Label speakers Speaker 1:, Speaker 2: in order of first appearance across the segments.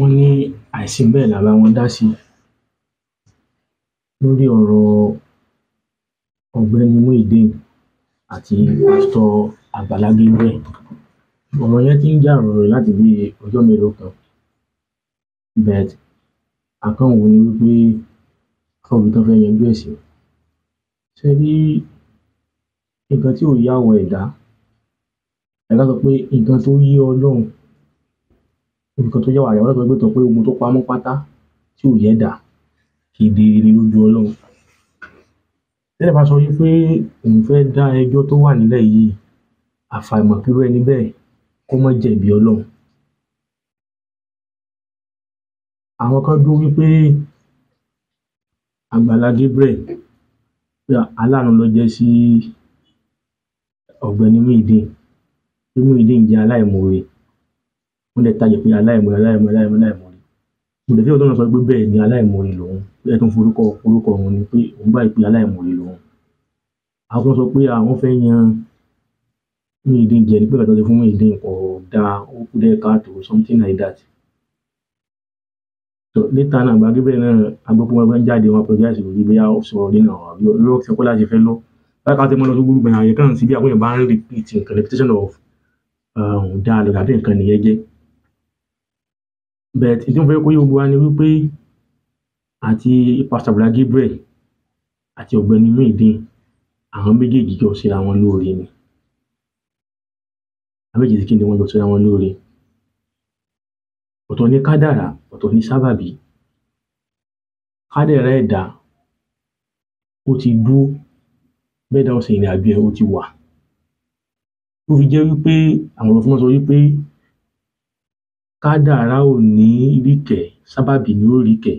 Speaker 1: wọn ní àìsí bẹẹ la bá wọn dá sí lórí ọrọ ọgbẹni muideen àti pásítọ àgbàlá gabriel ọrọ yẹn ti ń jà ròrò láti bí ọjọ mélòó kan bet akọ̀wé ni wípé kọ́ọ̀bù tó fẹ́ yanjú ẹ̀ ṣe rí nǹkan tí ò yá àwọ̀ ẹ̀dá ẹ̀dá sọ pé nǹkan tó yé ọlọ́run nǹkan tó jẹ́ wàrà ìyá ọlọ́tọ̀ gbẹ́tàn pé ogun tó pamọ́ pátá tí ò yẹ́dà kedere ni lójú ọlọ́run tẹ́lẹ̀ bá sọ wípé òun fẹ́ dá ẹjọ́ tó wà nílẹ̀ yìí àfàìmọ̀ kí irú ẹni bẹ́ẹ̀ kó má jẹ̀bi ọlọ́run àwọn kan dúró wípé àgbàlá Gabriel pé aláàánú ló jẹ́ sí ọ̀gbẹ́ni Muyideen pé Muyideen jẹ́ wọ́n dẹ̀ tàjẹ̀ pé aláìmoore aláìmoore aláìmoore aláìmoore mo dẹ̀ fi ọ̀dọ́ sọ pé bẹ́ẹ̀ ni aláìmoore lòun bẹ́ẹ̀ tó ń forúkọ orúkọ òun ni pé òun gbà pé aláìmoore lòun àwọn sọ pé àwọn fẹ́ yan Muyideen jẹ ní pé kàtàkì fún Muyideen ọ̀dà ó dẹ́ káàtó something like that so later náà àgbà gébẹ̀rẹ̀ náà agbópọ̀ wọn jáde wọn apologize lórí bóyá sọ̀rọ̀ nínú àwọn àbí olóró ti kọ́ láti fẹ́ lọ láìka tí mo lọ sí gbogbo àyẹ̀kọ́ àti bí àwọn èèyàn bá ń repeat nǹkan repetition of ọ̀dà lọ́dà bí nǹkan nìyẹn jẹ́ but ohun tí mo fẹ kó yé gbogbo wa ni wípé àti pásítọ àgbàlá gabriel àti ọgbẹni muyideen àwọn méjèèjì jọ síra wọn lóore ni àwọn méjèèjì kí ni wọn jọ síra wọn lóore ọ̀tọ̀ ni kádàrá ọ̀tọ̀ ni sábàbí kádàrá ẹ̀dá ó ti dúró bẹ́ẹ̀ dáhùn sí ìrìn àjò ẹ̀ ó ti wà ó fi jẹ́ wípé àwọn olùfọwọ́sọ wípé kádàrá ò ní ríkẹ̀ sábàbí ni ó ríkẹ̀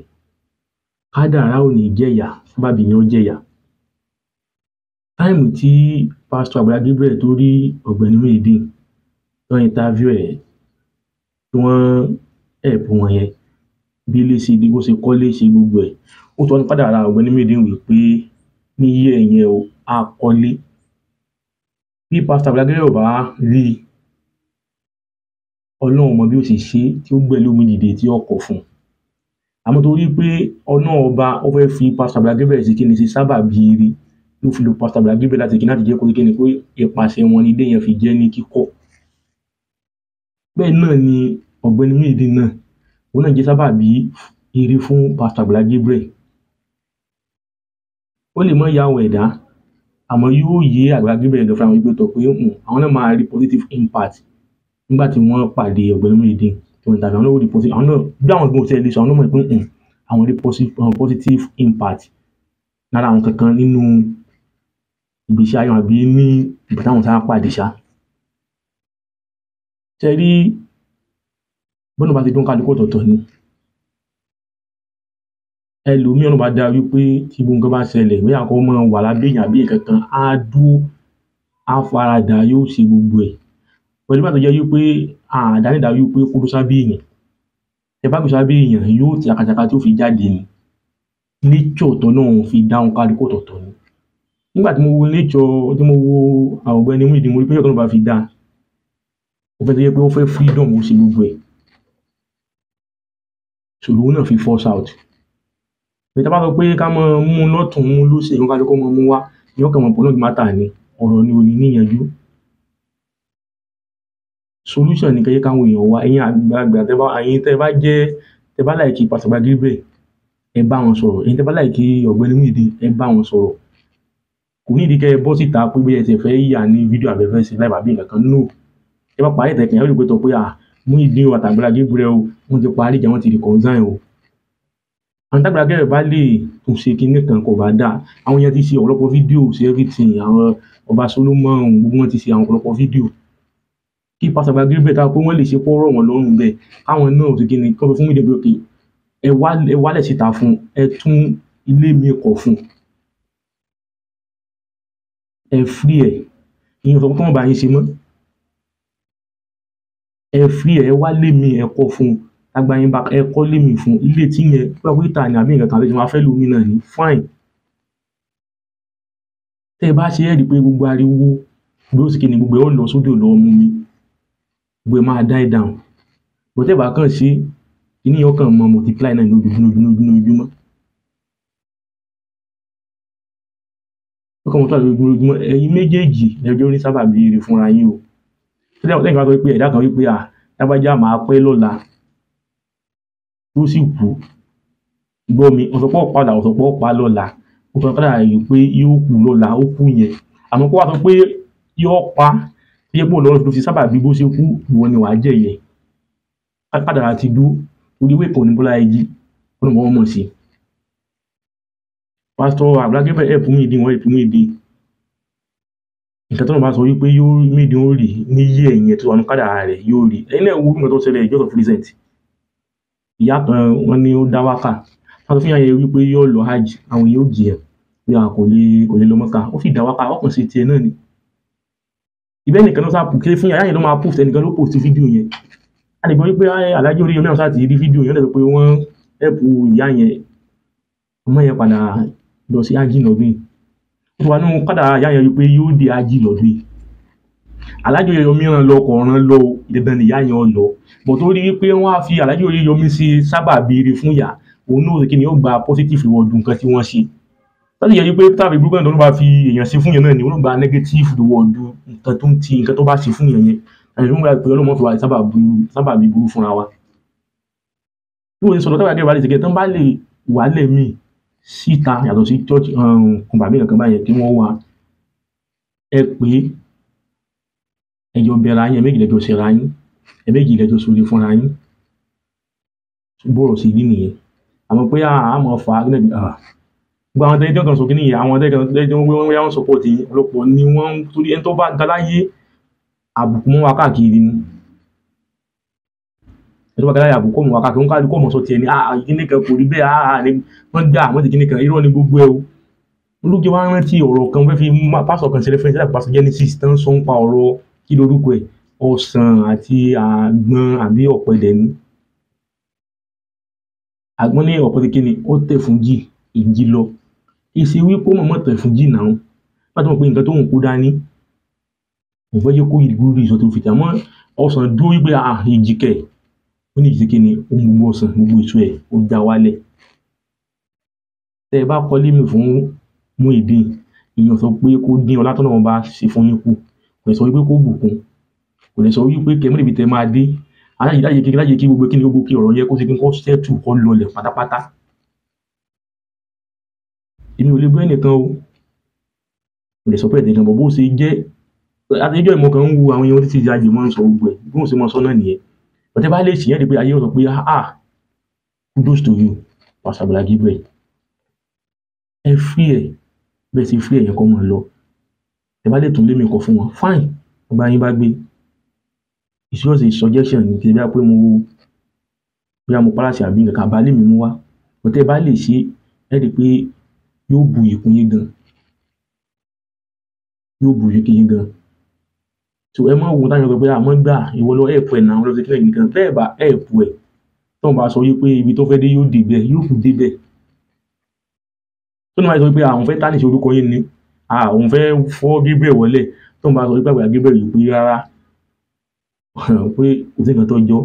Speaker 1: kádàrá ò ní jẹ̀yà sábàbí ni ó jẹ̀yà táìmù tí pásítọ àgbàlá gabriel tó rí ọ̀gbẹ́ni muyideen tó interview ẹ tí wọn help wọn yẹn bí ilé ṣe di bó ṣe kọ́lé ṣe gbogbo ẹ̀ ó sọ ní kádàrá ọ̀gbẹ́ni muyideen wí pé ní yíyẹ yẹn o á kọ́lé bí pásítọ àgbàlá gabriel ò bá rí i ọlọ́run mọ bí ó ṣe ṣe tí ó gbẹ̀lú mi dìde tí ó kọ̀ fún un àmọ́ torí pé ọ̀nà ọba ó fẹ́ fi Pastor Abdullah Gabriel sí kíni ṣe sábà bíire ló fi lo Pastor Abdullah Gabriel láti kíni láti jẹ́ kó kíni pé ìpàṣẹ wọn ni ilé yẹn fi jẹ́ ní kíkọ́ bẹ́ẹ̀ náà ni ọ̀gbẹ́ni Muyideen náà òun náà jẹ́ sábà bí ire fún Pastor Abdullah ó lè mọ ìyàwó ẹ̀dá àmọ́ yóò yé Abdullah Gabriel fún àwọn ìgbẹ́tọ̀ pé hmm, àwọn náà máa rí positive impact nígbà tí wọ́n pàdé ọ̀gbẹ́ni Muyideen tí wọ́n tàbí àwọn náà rí positive àwọn náà bí àwọn gbọ́n ṣe lè sọ àwọn náà mọ̀ pé hmm, àwọn rí positive impact lára àwọn kankan nínú ìgbésí ayé wọn àbí ní ìgbà táwọn sáà pàdé ṣá. ṣe rí bọ́nà bá ti dún kálukú ọ̀tọ̀ọ̀tọ̀ ni ẹlòmíràn bá dáa wípé tí gbogbo bá ṣẹlẹ̀ bí àkọ́kọ́ máa wà àbí nǹkan á dúró á faradà yóò ṣe gbogbo ẹ̀ pẹ̀lú bàtọ́ jẹ́ wípé àdánidá wípé kó ló sábẹ́ èèyàn ẹ bá kó sábẹ́ èèyàn yóò ti àkàtàkà tí ó fi jáde ni nature ọ̀tọ̀ náà fi dáhùn kálukú ọ̀tọ̀ọ̀tọ̀ ni nígbà tí mo wo nature tí mo wo Ọ̀gbẹ́ni Muyideen mo rí pé ọ̀tọ̀ náà bá fi dáa ó fẹ́ tó yẹ pé ó fẹ́ freedom ó ṣe gbogbo ẹ̀ ṣòro náà fi force out ìta bá sọ pé ká mọ mú lọ́tùn-ún lóṣèlú kálukú mọ mú wá yóò kàn mọ̀ pọ̀ náà ti má tà ní ọ̀rọ̀ ni ò ní níyanjú solution ní kẹjẹ káwọn èèyàn wá ẹ̀yin àgbààgbà tẹ bá ẹ̀yin jẹ tẹ láìkí pàṣẹbà gírígbè ẹ bá wọn sọ̀rọ̀ ẹ̀yin tẹ láìkí ọ̀gbẹ́ni Muyideen ẹ bá wọn sọ̀rọ̀ kò ní ìdíkẹ bọ́ síta pé bóyá ẹsẹ fẹ́ yà ní fídíò àbẹfẹ sí láì bàbí nǹkan kan no ẹ bá parí ìtẹkẹ ẹ rí pé tọ pé à Muyideen o àtàgbàlá gírígbè o wọn ti parí ìjà wọn ti reconcile o àwọn tágbàlá gírígbè bá lè tún ṣe kinní kan kò bá dáa àwọn yẹn ti ṣe ọ̀pọ̀lọpọ̀ fídíò ṣe everything àwọn ọba Solomon gbogbo wọn ti ṣe àwọn ọ̀pọ̀lọpọ̀ fídíò kí pásítọ̀ gba agreement àwọn pé wọ́n lè ṣe kó rọ̀ wọ́n lọ́rùn bẹ́ẹ̀ káwọn náà ò sì kí ni kí wọ́n fi fún mídìí pé òkè ẹ wálẹ̀ síta fún ẹ tún ilé mi kọ̀ fún ẹ fírí ẹ ìyẹn sọ pé kọ́mọ̀ bá yín ṣe mọ́ ẹ fírí ẹ wá lé mi ẹ kọ́ fún agbáyin bá ẹ kọ́ lé mi fún ilé tí yẹn pé ọkọ̀ ìta ni àbí nǹkan kan lè ṣe wọn afẹ́ lómi náà ní fine tẹ́ ẹ bá ṣe ẹ́ rí i pé gbogbo ariwo bí ó sì kí ni gbogbo ẹ ó lọ sódò lọ́ọ́ mú mi gbogbo ẹ máa die down but tẹ́ẹ̀ bá kàn ṣe kíní yẹn ó kàn mọ multiply náà ní ojoojúmọ́ ojoojúmọ́ ojoojúmọ́ ó kàn mọ́ tó àti ojoojúmọ́ ẹ̀yin méjèèjì ẹjọ́ ní sábà béèrè fúnra yín o lẹ́yìn bá sọ pé ẹ̀dá kan wípé à lágbájá máa pẹ́ lọ́la tó sì kú gbọ́ mi ọ̀sọ̀pọ̀ padà ọ̀sọ̀pọ̀ pa lọ́la ó sọ padà yìí pé yóò kú lọ́la ó kú yẹn àmọ́ kó wá sọ pé yóò pa tó yẹ pé ọlọ́run ló fi sábà bí bó ṣe kú ìwọ ni wàá jẹ̀yẹ pátádàrà ti dú orí ìwé ìkànnì bọ́lá ẹjí ó ní wọ́n mọ̀ sí i pásítọ̀ abdulakẹ́fẹ́ ẹ̀ fún mi ìdí wọn ẹ̀ fún mi ìdí nǹkan tó lọ́ bá sọ wípé yóò mídìí ó rì ní yé ẹ̀yìn ẹ̀ tó rẹ̀ yóò rì ẹ̀yìn náà wú nǹkan tó ṣẹlẹ̀ ìjọ́sọ̀ fúlíṣẹ̀ǹtì ìyá kan wọn ni ó dá wákà wọn fi hàn yẹn wípé yóò lọ ni ìbẹ́ nìkan náà sáà kéré fún yàrá yẹn ló máa post ẹnìkan ló post fídíò yẹn a lè gbọ́ wípé alájọ́ orí náà sáà ti rí fídíò yẹn lọ́dọ̀ pé wọ́n ẹ̀pù ìyá yẹn ọmọ yẹn padà lọ sí ájì lọ́dún yìí ó wà nínú padà ìyá yẹn wípé yóò dé ájì lọ́dún yìí alájọ́ orí mìíràn lọ kọ̀ ọ̀ràn lọ dandan ìyá yẹn lọ bọ̀ tó rí pé wọ́n á fi alájọ́ orí yọmí sí sábà béèrè fún ìyá òun náà kí ni ó gba positive ó sì yẹ wípé táàbí burúkú náà tó bá fi èèyàn ṣe fún yẹn náà ni olóògbà negative wọ́ọ̀dù nǹkan tó ń ti nǹkan tó bá ṣe fún yẹn yẹn ẹni tó ń gbà fi wà sábàbí burú fúnra wa bí wọ́n ti sọ̀rọ̀ tábàdé ìwádìí ṣègẹ́ tó ń bá lè wà lẹ́mí síta yàtọ̀ sí church um, kùnbàmí kankan báyẹn kí wọ́n wá ẹ pé ẹjọ bẹ̀rẹ̀ ayé ẹ̀mẹ́jì lẹ́jọ́ ṣẹra yín ẹ̀mẹ́jì lẹ́jọ́ sórí fúnra yín bọ̀rọ̀ sí rí gbogbo àwọn tẹ́lẹ̀ kan sókè nìyí àwọn tẹ́lẹ̀ kan wọ́n wọ́n sọ pọ̀ tí ọ̀pọ̀lọpọ̀ ni wọ́n ń torí ẹni tó bá ga láyé àbùkù mọ́ wa káàkiri ni ẹni tó bá ga àbùkù mọ́ wa káàkiri wọ́n káàkiri kó mọ̀ sọ tiẹ̀ ni àà ah, ah, kíní kan kò rí bẹ́ẹ̀ àà ah, ni wọ́n gbà wọ́n ti kíní kan irọ́ ni gbogbo ẹ o olùkí wa rántí ọ̀rọ̀ kan fẹ́ fi pásọ̀ kan ṣẹlẹ̀ fẹ́ẹ́ ìjì lọ kì í ṣe wípé ó mọ̀ọ́mọ̀ tẹ̀ fún jìnnà o láti mọ̀ pé nǹkan tó ń kó dání mo fẹ́ yẹ kó ìgúrú ìsọ̀ tó fi tẹ̀ mọ́ ọsàn dúró wípé ìjìkẹ̀ ó ní ìjìkẹ̀ ni ó mú gbogbo ọsàn gbogbo èso ẹ̀ ó já wálẹ̀ tẹ́ ẹ bá kọ́lé mi fún mú ìdín ìyẹn sọ pé kó dín ọlá tọ́nà wọn bá ṣe fún yín kù kò lè sọ wípé kó bùkún kò lè sọ wípé kẹmí níbi tẹ máa dé aláyè láyè gbogbo kí ni gbogbo kí ọ̀rọ̀ yẹ kó ṣe kí n kó ṣẹ́tù kó lọlẹ̀ pátápátá èmi ò lè bú ẹnìkan o mo lè sọ pé ẹnìkan bọ̀ bó ṣe jẹ́ àtẹjọ́ ìmọ̀ kan ń wu àwọn èèyàn títí ayé máa ń sọ gbogbo ẹ̀ bí wọ́n ṣe máa sọ náà nìyẹn bàtẹ́ bá lè ṣì yẹn di pé ayé wọn sọ pé ah, ah kudos to you Pastor Agbala Gabriel ẹ fí ẹ bẹ́ẹ̀ ṣe fí ẹ yẹn kọ́ mọ̀ lọ ẹ bá lè tún lémi kọ fún wọn fine ọgbà yín bá gbé it's just a suggestion ní kí ẹ bí wá pé mo bí wá mo pàlàṣẹ àbí nǹkan kan bá lè mi mú wá bàtẹ́ bá lè ṣe ẹ di pé yóò bu ìkún yín gan yóò bu ìkún yín gan so ẹ mọ òun táyọ̀ pé àmọ́ gbà ìwọ lọ ẹ̀pù ẹ̀ náà lọ́sẹ̀ kílẹ̀ nìkan bẹ́ẹ̀ bá ẹ̀pù ẹ̀ tó ń bá sọ wípé ibi tó fẹ́ dé yóò dé bẹ́ẹ̀ yóò kù dé bẹ́ẹ̀ tó ń bá sọ wípé àwọn fẹ́ tánìṣe orúkọ yín ni àwọn fẹ́ fọ́ Gabriel wọlé tó ń bá sọ wípé àgbà Gabriel yìí pé rárá pé kò sí nǹkan tó jọ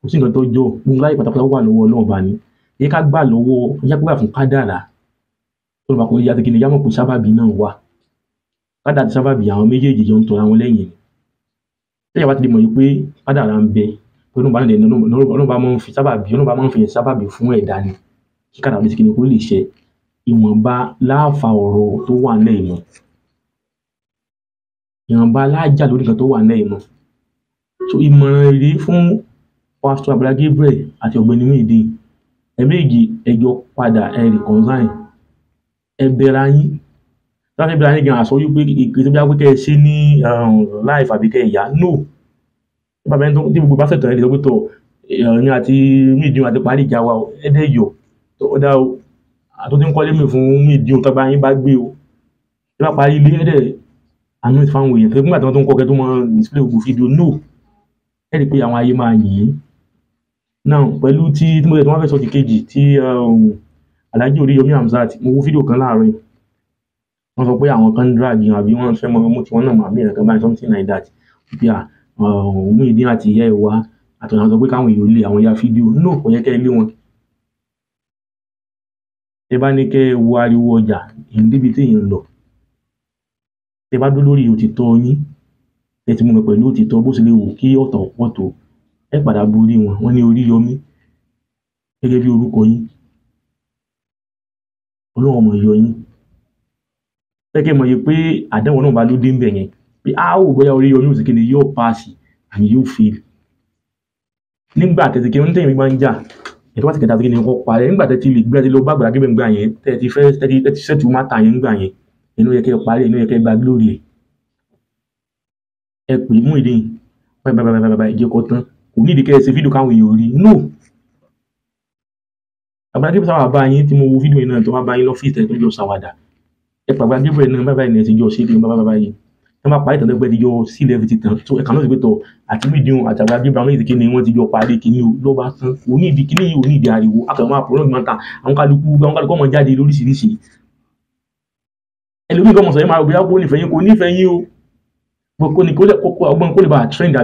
Speaker 1: kò sí nǹkan tó jọ gbogbo láyé pátápátá wà lọ́wọ́ Ọlọ́run bá ní yẹ ká gbà lọ́wọ́ yẹ ká gbà fún kádàrá tó lọ máa kó yàtọ̀ kìnìún yàmọ̀ pé sábàbí náà wà kádà àti sábàbí àwọn méjèèjì jọ ń tọ́ra wọn lẹ́yìn tẹ́yà bá ti di mọ̀ yìí pé kádà ara ń bẹ pé olóńgbà náà lẹ́nu olóńgbà máa ń fi sábàbí olóńgbà máa ń fi sábàbí fún ẹ̀dá ni kí kádà àti kìnìún kó lè ṣe ìwọ̀nba láàfà ọ̀rọ̀ tó wà nílẹ̀ ìmọ̀ ìwọ̀nba láàjà lórí nǹkan tó wà nílẹ̀ ìmọ̀ so ìmọ̀ràn èrè fún Pastor Agbala Gabriel àti Ọ̀gbẹ́ni Muyideen ẹ̀mẹ́jì ẹjọ́ padà ẹ̀rì consign ẹ bẹra yín láti bẹra yín gan àsọ wípé èké tó bí wá pé kẹ ẹ ṣe ní um, láì fàbí kẹ ẹ yá no bàbá ẹni tó tí gbogbo bá sẹ̀tàn ẹ̀ lè sọ pé tọ̀ ẹ̀yìn àti mídìí àti parí ìjà wa ẹ̀dẹ̀ yọ̀ ó dá o àtúntò tí ń kọ́lé mi fún mídìí tọ́gbà yín bá gbé o ẹ bá parí ilé ẹ̀dẹ̀ àánú ti fáwọn èèyàn tó nígbà tí wọ́n tó ń kọ́ kẹ́ tó mọ display gbogbo fídíò no ẹ̀ rí i pé àwọn ayé máa yìn ín náà pẹ̀lú tí tí mo fẹ́ sọ ti kejì tí um, Alhaji Oríyọmí Hamzat mo wo fídíò kan láàárọ̀ yìí wọ́n sọ pé àwọn kan ń drag yàn àbí wọ́n fẹ́ mọ ọmú tí wọ́n náà màmí ẹ̀rọ kan báyìí something like that pé à òun ìdí àti ìyá ẹ̀ wá àtọ̀nà sọ pé káwọn èèyàn lé àwọn ya fídíò no kò yẹ kẹ́ ẹ lé wọn. tẹ bá ní kẹ́ ẹ wo ariwo ọjà èyí débi tí èèyàn lọ tẹ bá dúró lórí òtítọ́ yín tẹ ti mú mi pẹ̀lú òtítọ́ bó ṣe lè wò kí ọ̀tọ̀ pọ̀ tó ẹ padà borí wọn wọn ní Oríyọmí gẹ́gẹ́ bí orúkọ yín ọlọ́run ọmọ yọ yín lẹ́kẹ̀ mọ̀ yìí pé àdéhùn náà bá ló dé ń bẹ̀ yẹn pé a ó bóyá orí yọ yóò sì kéde yóò paasi àmì yóò fail nígbà tẹ̀sí kí wọ́n tẹ̀yìn mi máa ń jà ètò wáṣí kẹta tó kí ni wọ́n parẹ́ nígbà tẹ́tí lè gbé ẹ ti lọ bá gbàgbà gbé gbà yẹn tẹ́tí fẹ́ tẹ́tí tẹ́tí sẹ́tù má ta yẹn gbà yẹn inú yẹ kẹ́ parí inú yẹ kẹ́ gba glory ẹ pè é mú ìdí yìí báyìí báyìí báyìí ìjẹ́kọ̀ tán kò ní ìdí kẹ́ ẹ ṣe fídíò káwọn èèyàn rí no bàbá débù sáwà bá yín tí mo wo fídíò yìí náà tó wá bá yín lọ́fíìsì tẹ̀ tó jọ sàwádà ẹ pàgbà débù ẹ̀ náà bàbá yìí náà ti jọ ṣe é bàbá bàbá yìí ẹ máa parí ìtàndẹ́gbẹ́ ti jọ sí lẹ́ẹ̀fì ti tàn tó ẹ̀ka náà ti pé tọ̀ àti fídíò àtàgbà débù àwọn èdè kíni wọ́n ti jọ parí kíni ló bá tán onídìí kíni yìí onídìí ariwo akẹ́kọ̀ọ́ máa pọ̀ náà àwọn kálukú àwọn kálukú ọmọ jáde lóríṣiríṣi ẹlòmíì kọ́mọ̀ sọ̀rọ̀ máa rò bóyá kó nífẹ̀ẹ́ yín kó nífẹ̀ẹ́ yín o kò ní kó lè kókó ọgbọ́n kó lè bá trend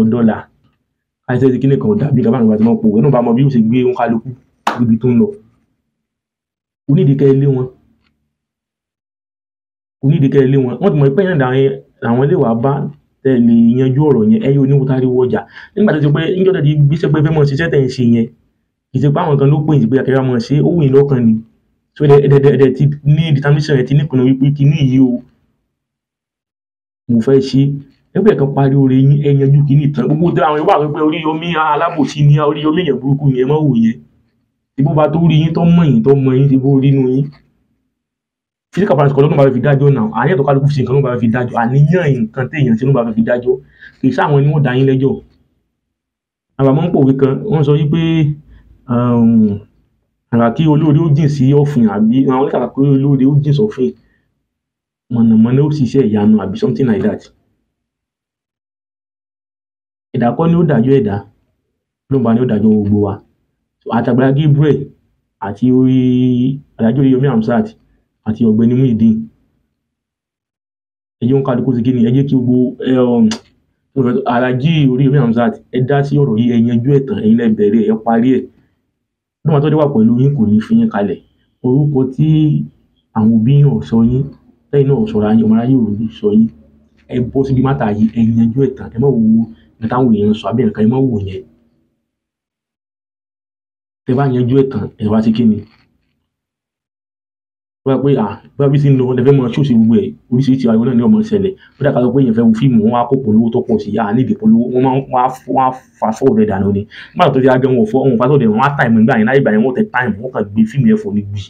Speaker 1: àbí àìsàn ti kíni kan ò dàbí nǹkan bá ti mọ̀ pò ẹ̀ náà bá mọ bí ó ṣe gbé ń kálukú níbi tó ń lọ onídìíkẹ́ ilé wọn onídìíkẹ́ ilé wọn wọ́n ti mọ̀ pé yẹn làwọn ilé wa bá tẹ̀lé yanjú ọ̀rọ̀ yẹn ẹ̀yìn oníwòtárí wọjà nígbà tó ti pé níjọ́ tẹ̀lé gbéṣẹ́ pé fẹ́ mọ̀ ṣiṣẹ́ tẹ̀ ń ṣe yẹn ìṣèpá àwọn kan ló pè ní pé àkẹ́rẹ́ mọ̀ ṣe ó wù yín lọ́kàn ni so ẹ̀ẹ́dẹ̀ẹ̀dẹ̀ ti ní determination rẹ̀ ti nípinnu wípé kíní yìí o mo fẹ́ ṣe ẹgbẹ́ kan pariwo rẹ yín ẹyin ẹjú kìíní tán gbogbo tó àwọn ìwà pé orí omi alábòsí ni orí omi èèyàn burúkú ni ẹ mọ̀ wò yẹn tí bó ba tó rí yín tó mọ̀ yín tó mọ̀ yín tí bó rí inú yín physical balance kọlọ́nù bá fi dájọ́ náà àníyàn tó kálukú fi ṣe nǹkan ló bá fi dájọ́ àníyàn nǹkan téèyàn ṣe ló bá fi dájọ́ kì í sáwọn ni wọ́n dá yín lẹ́jọ́ àbámọ́ ń pòwe kan wọ́n sọ wípé àràkí olóore ó jìn sí ọ̀fìn àbí àwọn oníkàkà olóore ó jìn sọ̀fìn mọ̀nàmọ́ná ó ṣiṣẹ́ ìyanu àbí something like that ẹ̀dá kọ́ ni ó dájọ́ ẹ̀dá lóun bá ní ó dájọ́ gbogbo wa àtàgbàlá Gabriel àti orí adájọ́ Yomi Hamzat àti ọ̀gbẹ́ni Muideen ẹjẹ ń kálukú sí kí ni ẹjẹ kí gbogbo um, alájí orí Yomi Hamzat ẹ dá sí ọ̀rọ̀ yìí ẹ yanjú ẹ̀ tán ẹ̀yin lẹ bẹ̀rẹ̀ ẹ parí ẹ̀ níwọ̀n tó dé wà pẹ̀lú yín kò ní fi yín kalẹ̀ orúkọ tí àwọn òbí yín sọ yín lẹ́yìn náà ò sọra ọmọ aráyé ò ní táwọn èèyàn sọ àbí nǹkan ẹ mọ́ wò yẹn tẹ bá yanjú ẹ̀ tán ẹ̀ wá sí kí ni wọ́n pé à bá bí sí ń lọ wọn lè fẹ́ mọ ṣóòṣì gbogbo ẹ̀ oríṣiríṣi àwọn náà ni ọmọ ìṣẹ̀lẹ̀ wọ́n dàgbà pé èèyàn fẹ́ wo fíìmù wọn á kó polówó tó pọ̀ sí i à ní ìdè polówó wọn máa wọ́n á fa sọ́ọ̀dù ẹ̀ dànù ni wọ́n àtúntò ti ra gẹ́wọ̀n fọ́ wọn fa sọ́ọ̀dù ẹ̀ wọ́n á táìmù ìgbà yẹn láyé ìgbà yẹn wọ́n tẹ táìmù wọ́n kàn gbé fíìmù yẹn fò ní gbì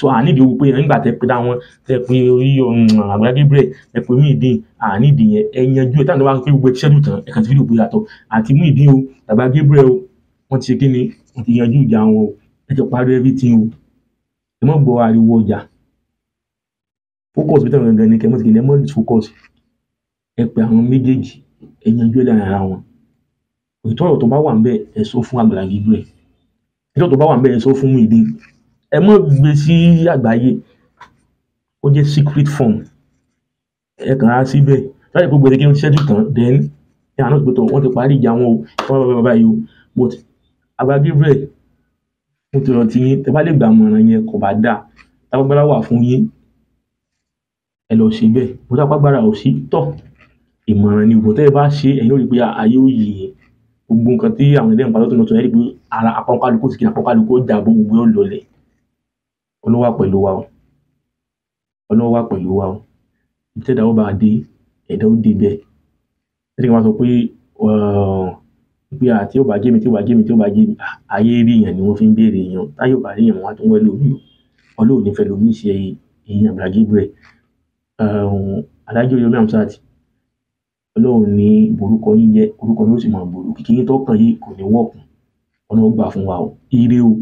Speaker 1: so ànídìí wò pé nígbà tẹ pé dáwọn tẹ pé orí Agbala um, Gabriel ẹ pé Muyideen ànídìí yẹn ẹ yanjú ẹ táwọn wá pé gbogbo ẹtíṣẹ́dù tán ẹ kàn ti fídíò gbéra tọ àti Muyideen o Agbala Gabriel o wọ́n ti ṣe kí ni wọ́n ti yanjú ìjà wọn o ẹ ti parí everything o ẹ mọ̀ gbọ́ ariwo ọjà focus bí táwọn gangan ni kẹ́ mọ̀ ti kí ni ẹ mọ̀ focus ẹ pé àwọn méjèèjì ẹ yanjú ẹ lára wọn ìtọ́rọ̀ tó bá wà ń bẹ́ẹ̀ ẹ sọ fún Agbala Gabriel ìtọ́rọ̀ tó bá wà ń bẹ́ẹ̀ ẹ sọ ẹ mọ̀ gbé sí àgbáyé ó jẹ́ secret form ẹ kàn á síbẹ̀ láti kó gbèdéke ń ṣẹ́jú tán then ẹ àná ìgbẹ́tọ̀ wọ́n ti parí ìjà wọn o bàbá bàbá bàbá yìí o but Abba Gabriel mo ti rántí yín tẹ bá lè gbà mọ̀ràn yẹn kò bá dáa tábàgbára wà fún yín ẹ lọ ṣe bẹ́ẹ̀ mo tábàgbára ò sí tọ̀ ìmọ̀ràn ni òbò tẹ́ ẹ bá ṣe ẹ̀yin ó rí i pé ayé ó yè é gbogbo nǹkan tí àwọn ẹlẹ́yìn pàtó tó lọ sọ ẹ́ rí i pé ara àpọ̀nkálukú sì kí àpọ̀nkálukú ó jà gbogbo ó olúwa pẹ̀lú wa o ọlọ́wọ́ wà pẹ̀lú wa o ìtẹ́dá ó bá dé ẹ̀dá ó dé bẹ́ẹ̀ ẹ̀dá kan máa sọ pé pé àti ó bá jẹ́ mi tí ó bá jẹ́ mi tí ó bá jẹ́ ayé rí èèyàn ni wọ́n fi ń béèrè èèyàn táyé ò bá rí èèyàn wọn á tún wẹ́ lómi o ọlọ́wọ́ nífẹ̀ẹ́ lómi ṣe èèyàn Àgbàlá Gabriel adájọ́ Yomi Hamzat ọlọ́wọ́ ní borúkọ yín jẹ́ orúkọ yóò sì máa ború kìkì yín tọkàn yìí kò ní wọ̀kùn ọlọ́wọ́ gbà fún wa o ire o.